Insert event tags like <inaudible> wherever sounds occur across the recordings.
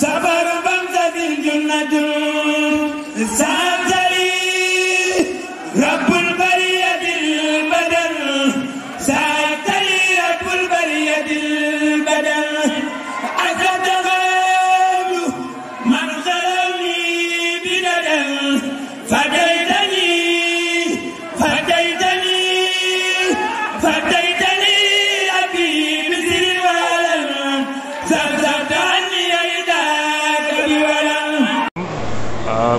صبر بمزة الجنة ساتري رب البرية البدن ساتري رب البرية البدن أتتغاب من ظلمي بدن فديتني فديتني فديتني أبي بسر ولم زبزبان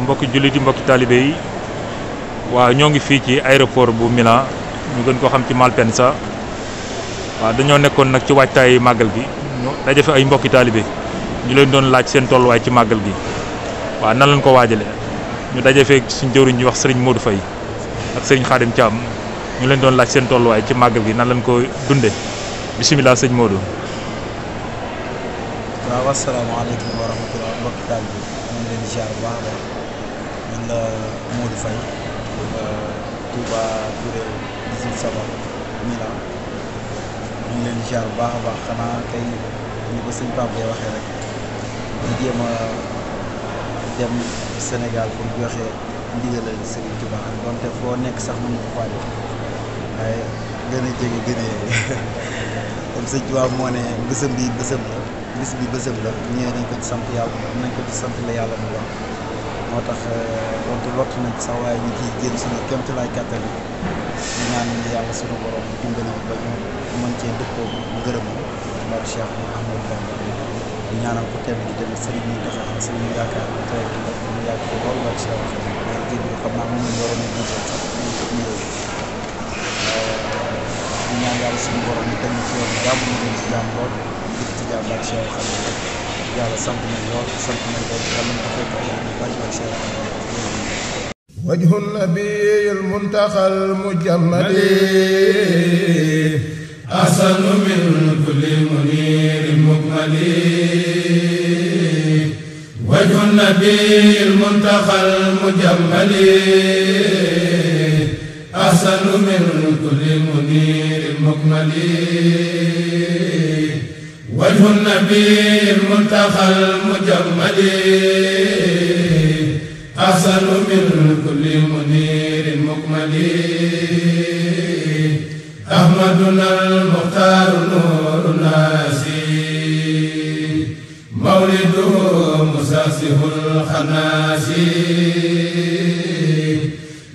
mbokki jullit yi mbokki taalibe yi waaw ñoo ngi fii ci aéroport bu mila ñu gën koo xam ci Malpensa waaw dañoo nekkoon nag ci waajtaayu màggal gi ñu daje fi ay mbokki taalibe ñu leen doon laaj seen tolluwaay ci màggal gi waaw nan lañ ko waajale ñu daje suñ jëwriñ ñi wax sëriñ Modou Faye ak sëriñ Khadim Thiam ñu leen doon laaj seen tolluwaay ci màggal gi nan lañ ko dunde bisimilah sëñ Modou. man la Modou Faye euh, Touba Touré 18 Saba Milan ñu ngi leen ziar bu baax a baax xanaa kay ñu ko sëñ Pape waxee rek di jéem a dem Sénégal pour joxe ndigalal Serigne Touba donte foo nekk sax mën nga ko faa def waaye gën a jege gën a yee <laughs> comme moo ne bésam bi bésam la bis bi bésam la ñëwee nañ ko ci sant yàlla nañ ko ci sant la yàlla mu wax. moo tax wante lott nañ sax waaye ñu ciy jéem suñu kéem ci laay kàttan yi ñaan yàlla suñu borom cee dëppoo bu gërëm war Cheikh mu Ahmadou Bamba ñaanal ko kenn di tamit sëriñ ñi dafa xam sëriñ ñu yaakaar ne tey ki la ñu a jiite sax yàlla suñu borom ñu tamit ci yoon jàmm ñu leen ci jàmm yàlla sant nañ lool sant وجه النبي المنتقى المجمد أحسن من كل منير مكمل وجه النبي المنتقى المجمل أحسن من كل منير مكمل وجه النبي المنتقى المجمل أحسن من كل منير مكمل أحمدنا المختار نور ناسي مولده مساسه الخناسي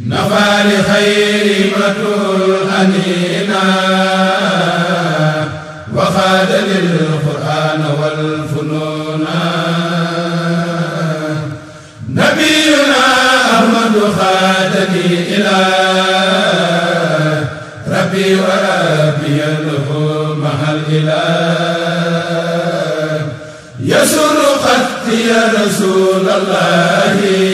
نفى لخير مدعو الأنينا وخاد للقرآن والفنونا عادني إلى ربي وربي له مع الإله يسر خطي رسول الله